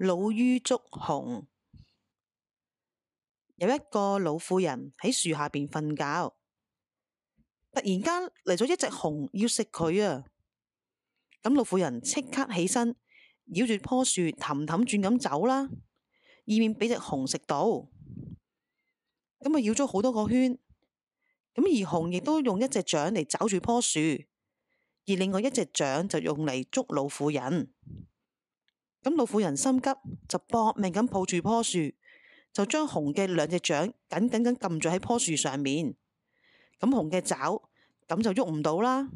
老嫗捉熊，有一個老婦人喺樹下邊瞓覺，突然間嚟咗一隻熊要食佢啊！咁老婦人即刻起身，繞住棵樹氹氹轉咁走啦，以免俾隻熊食到。咁啊繞咗好多個圈，咁而熊亦都用一隻掌嚟抓住棵樹，而另外一隻掌就用嚟捉老婦人。咁老婦人心急，就搏命咁抱住棵樹，就將熊嘅兩隻掌緊緊咁撳住喺棵樹上面。咁熊嘅爪咁就喐唔到啦。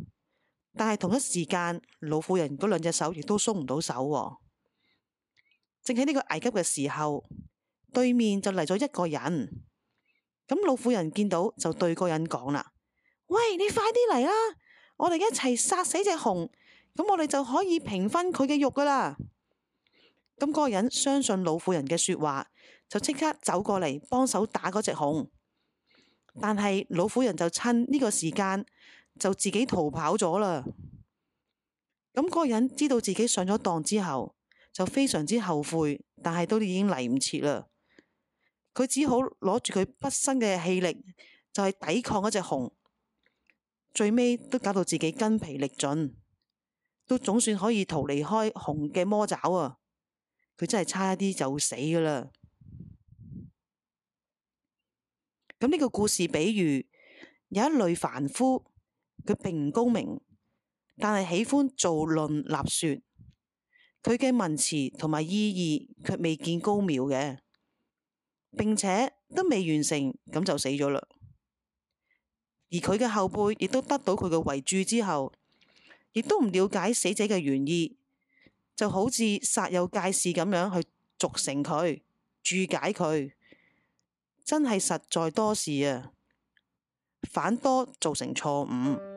但係同一時間，老婦人嗰兩隻手亦都鬆唔到手。正喺呢個危急嘅時候，對面就嚟咗一個人。咁老婦人見到就對個人講啦：喂，你快啲嚟啦！我哋一齊殺死隻熊，咁我哋就可以平分佢嘅肉噶啦。咁嗰個人相信老婦人嘅說話，就即刻走過嚟幫手打嗰隻熊。但係老婦人就趁呢個時間就自己逃跑咗啦。咁、那、嗰個人知道自己上咗當之後，就非常之後悔，但係都已經嚟唔切啦。佢只好攞住佢畢生嘅氣力，就係、是、抵抗嗰隻熊。最尾都搞到自己筋疲力盡，都總算可以逃離開熊嘅魔爪啊！佢真係差一啲就死㗎喇！咁呢個故事，比喻有一類凡夫，佢並唔高明，但係喜歡造論立說，佢嘅文詞同埋意義卻未見高妙嘅，並且都未完成，咁就死咗啦。而佢嘅後輩亦都得到佢嘅遺著之後，亦都唔了解死者嘅原意。就好似煞有介事咁樣去逐成佢注解佢，真係實在多事啊，反多造成錯誤。